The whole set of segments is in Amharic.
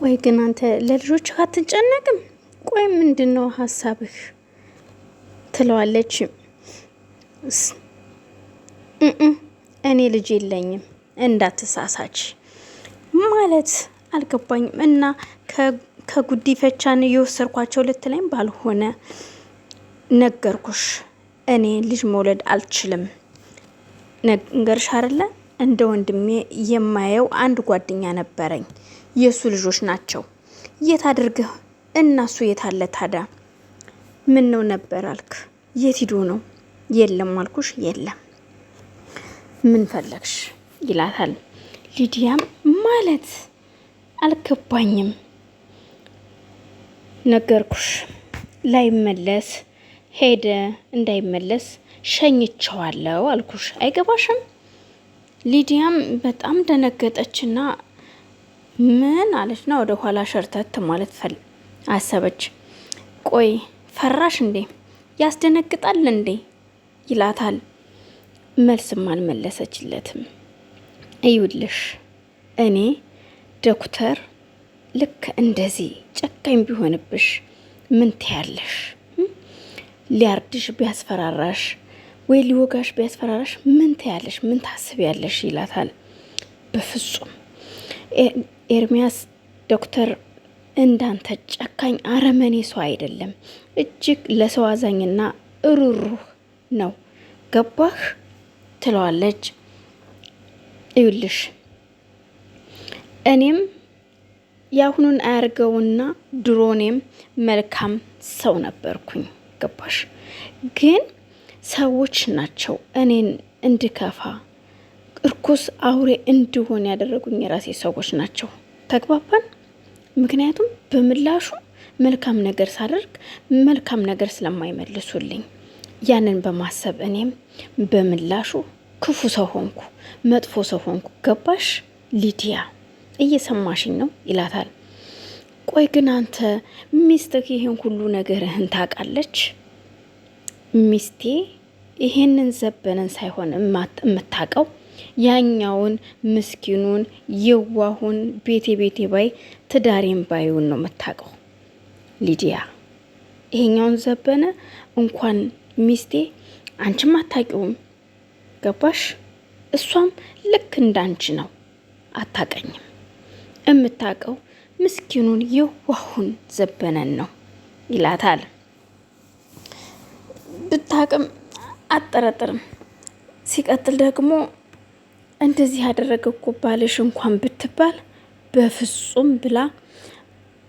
ቆይ ግን አንተ ለልጆች አትጨነቅም? ቆይ ምንድን ነው ሀሳብህ? ትለዋለች። እኔ ልጅ የለኝም እንዳትሳሳች ማለት አልገባኝም። እና ከጉዲፈቻን የወሰድኳቸው ልትለኝ ባልሆነ ነገርኩሽ፣ እኔ ልጅ መውለድ አልችልም። ነገርሽ አይደለ? እንደ ወንድሜ የማየው አንድ ጓደኛ ነበረኝ የእሱ ልጆች ናቸው። የት አድርገህ እናሱ የት አለ ታዲያ? ምን ነው ነበር አልክ? የት ሂዶ ነው? የለም አልኩሽ። የለም ምን ፈለግሽ ይላታል። ሊዲያም ማለት አልገባኝም፣ ነገርኩሽ ላይመለስ ሄደ እንዳይመለስ ሸኝቸዋለው አልኩሽ። አይገባሽም? ሊዲያም በጣም ደነገጠችና ምን አለችና ወደ ኋላ ሸርተት ማለት ፈል አሰበች። ቆይ ፈራሽ እንዴ? ያስደነግጣል እንዴ? ይላታል። መልስም አልመለሰችለትም። እዩልሽ እኔ ዶክተር ልክ እንደዚህ ጨካኝ ቢሆንብሽ ምን ትያለሽ? ሊያርድሽ ቢያስፈራራሽ ወይ ሊወጋሽ ቢያስፈራራሽ ምን ትያለሽ? ምን ታስቢያለሽ? ይላታል። በፍጹም ኤርሚያስ ዶክተር እንዳንተ ጨካኝ አረመኔ ሰው አይደለም። እጅግ ለሰው አዛኝና እሩሩህ ነው። ገባህ ትለዋለች። እዩልሽ እኔም የአሁኑን አያርገውና ድሮ እኔም መልካም ሰው ነበርኩኝ። ገባሽ ግን ሰዎች ናቸው እኔን እንድከፋ እርኩስ አውሬ እንድሆን ያደረጉኝ የራሴ ሰዎች ናቸው። ተግባባን። ምክንያቱም በምላሹ መልካም ነገር ሳደርግ መልካም ነገር ስለማይመልሱልኝ ያንን በማሰብ እኔም በምላሹ ክፉ ሰው ሆንኩ፣ መጥፎ ሰው ሆንኩ። ገባሽ ሊዲያ? እየሰማሽኝ ነው ይላታል። ቆይ ግን አንተ ሚስትህ ይህን ሁሉ ነገርህን ታውቃለች? ሚስቴ ይሄንን ዘበንን ሳይሆን የምታውቀው ያኛውን ምስኪኑን የዋሁን ቤቴ ቤቴ ባይ ትዳሬን ባይውን ነው የምታውቀው ሊዲያ። ይሄኛውን ዘበነ እንኳን ሚስቴ አንቺም አታቂውም፣ ገባሽ? እሷም ልክ እንዳንቺ ነው፣ አታቀኝም። የምታውቀው ምስኪኑን የዋሁን ዘበነን ነው ይላታል። ብታውቅም አጠረጥርም። ሲቀጥል ደግሞ እንደዚህ ያደረገ እኮ ባልሽ እንኳን ብትባል በፍጹም ብላ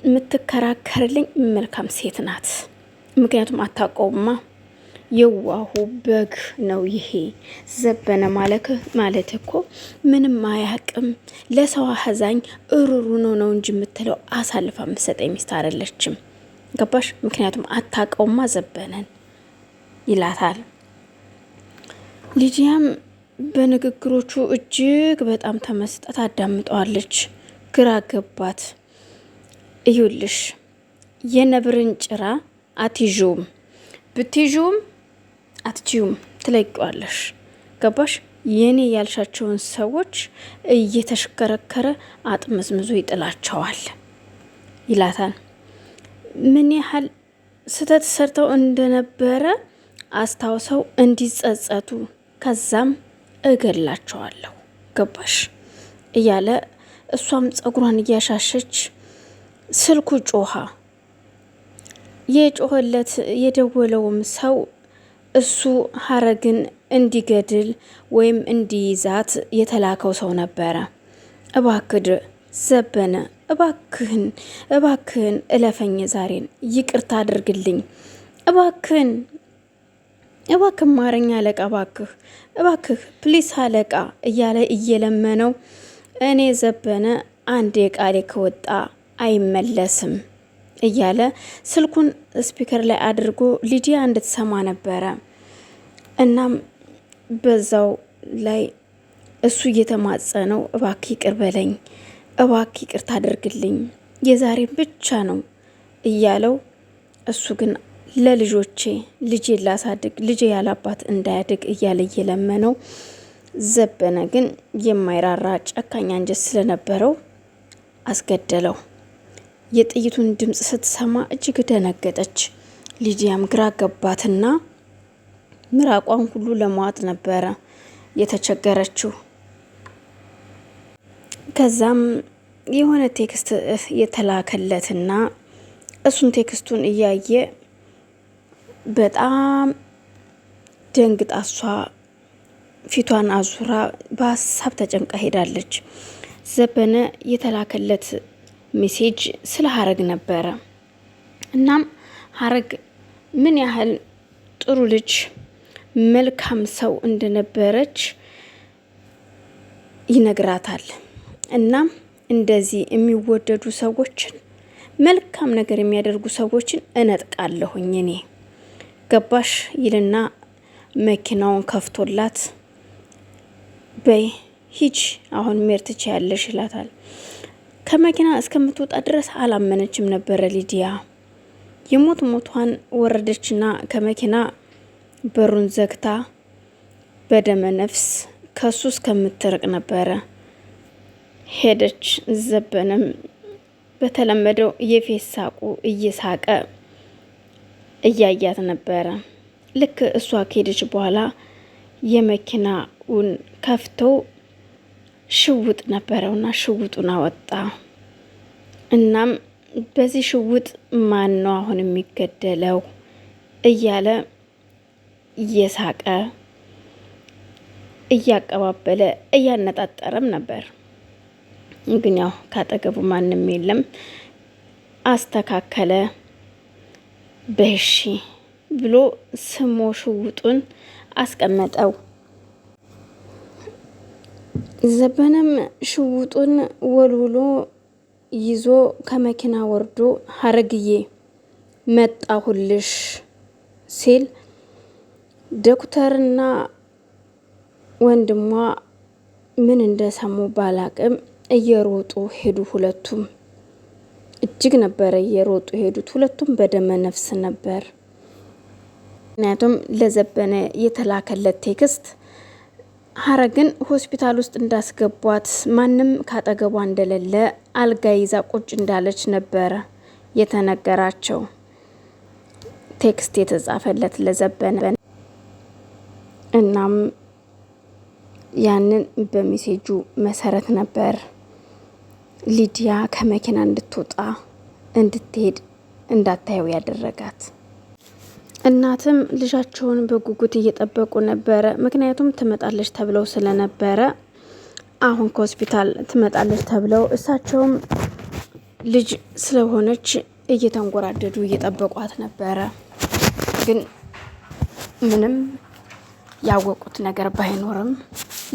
የምትከራከርልኝ መልካም ሴት ናት። ምክንያቱም አታውቀውማ የዋሁ በግ ነው ይሄ። ዘበነ ማለት እኮ ምንም አያቅም፣ ለሰው አህዛኝ እሩሩ ነው ነው እንጂ የምትለው አሳልፋ የምትሰጠኝ ሚስት አይደለችም። ገባሽ? ምክንያቱም አታውቀውማ ዘበነን ይላታል ልጅያም በንግግሮቹ እጅግ በጣም ተመስጣ ታዳምጠዋለች። ግራ ገባት። እዩልሽ የነብርን ጭራ አትዥውም ብትዥውም አትችዩም ትለቂዋለሽ። ገባሽ? የኔ ያልሻቸውን ሰዎች እየተሽከረከረ አጥመዝምዞ ይጥላቸዋል ይላታል። ምን ያህል ስህተት ሰርተው እንደነበረ አስታውሰው እንዲጸጸቱ ከዛም እገላቸዋለሁ ገባሽ እያለ እሷም ጸጉሯን እያሻሸች ስልኩ ጮኻ የጮኸለት የደወለውም ሰው እሱ ሀረግን እንዲገድል ወይም እንዲይዛት የተላከው ሰው ነበረ። እባክድ ዘበነ እባክህን እባክህን እለፈኝ፣ ዛሬን ይቅርታ አድርግልኝ እባክህን እባክህ ማረኝ አለቃ፣ እባክህ እባክህ ፕሊስ አለቃ እያለ እየለመነው እኔ ዘበነ አንድ የቃሌ ከወጣ አይመለስም እያለ ስልኩን ስፒከር ላይ አድርጎ ሊዲያ እንድትሰማ ነበረ። እናም በዛው ላይ እሱ እየተማጸነው እባክህ ይቅር በለኝ፣ እባክህ ይቅር አድርግልኝ፣ የዛሬ ብቻ ነው እያለው እሱ ግን ለልጆቼ ልጄ ላሳድግ ልጄ ያላባት እንዳያድግ እያለ እየለመነው ዘበነ ግን የማይራራ ጨካኝ አንጀት ስለነበረው አስገደለው። የጥይቱን ድምፅ ስትሰማ እጅግ ደነገጠች። ሊዲያም ግራ ገባትና ምራቋን ሁሉ ለመዋጥ ነበረ የተቸገረችው። ከዛም የሆነ ቴክስት የተላከለትና እሱን ቴክስቱን እያየ በጣም ደንግጣ እሷ ፊቷን አዙራ በሀሳብ ተጨንቃ ሄዳለች። ዘበነ የተላከለት ሜሴጅ ስለ ሀረግ ነበረ። እናም ሀረግ ምን ያህል ጥሩ ልጅ፣ መልካም ሰው እንደነበረች ይነግራታል። እናም እንደዚህ የሚወደዱ ሰዎችን መልካም ነገር የሚያደርጉ ሰዎችን እነጥቃለሁኝ እኔ ገባሽ ይልና መኪናውን ከፍቶላት በይ ሂጅ አሁን ሜር ትችያለሽ ይላታል። ከመኪና እስከምትወጣ ድረስ አላመነችም ነበረ ሊዲያ። የሞት ሞቷን ወረደችና ከመኪና በሩን ዘግታ በደመ ነፍስ ከሱ እስከምትርቅ ነበረ ሄደች። ዘበንም በተለመደው የፌስ ሳቁ እየሳቀ እያያት ነበረ። ልክ እሷ ከሄደች በኋላ የመኪናውን ከፍቶ ሽውጥ ነበረውና ሽውጡን አወጣ። እናም በዚህ ሽውጥ ማን ነው አሁን የሚገደለው እያለ እየሳቀ እያቀባበለ እያነጣጠረም ነበር። ግን ያው ካጠገቡ ማንም የለም። አስተካከለ። በሺ ብሎ ስሞ ሽውጡን አስቀመጠው። ዘበነም ሽውጡን ወልውሎ ይዞ ከመኪና ወርዶ ሀረግዬ መጣሁልሽ ሲል ዶክተርና ወንድሟ ምን እንደሰሙ ባላቅም እየሮጡ ሄዱ ሁለቱም። እጅግ ነበረ እየሮጡ ሄዱት። ሁለቱም በደመ ነፍስ ነበር። ምክንያቱም ለዘበነ የተላከለት ቴክስት ሀረግን ሆስፒታል ውስጥ እንዳስገቧት ማንም ካጠገቧ እንደሌለ አልጋ ይዛ ቁጭ እንዳለች ነበረ የተነገራቸው። ቴክስት የተጻፈለት ለዘበነ እናም ያንን በሚሴጁ መሰረት ነበር ሊዲያ ከመኪና እንድትወጣ እንድትሄድ እንዳታየው ያደረጋት። እናትም ልጃቸውን በጉጉት እየጠበቁ ነበረ። ምክንያቱም ትመጣለች ተብለው ስለነበረ አሁን ከሆስፒታል ትመጣለች ተብለው እሳቸውም ልጅ ስለሆነች እየተንጎራደዱ እየጠበቋት ነበረ። ግን ምንም ያወቁት ነገር ባይኖርም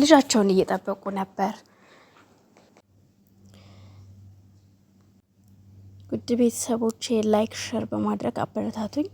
ልጃቸውን እየጠበቁ ነበር። Ku dibay saboo chee like sharba madrak apparatatoy.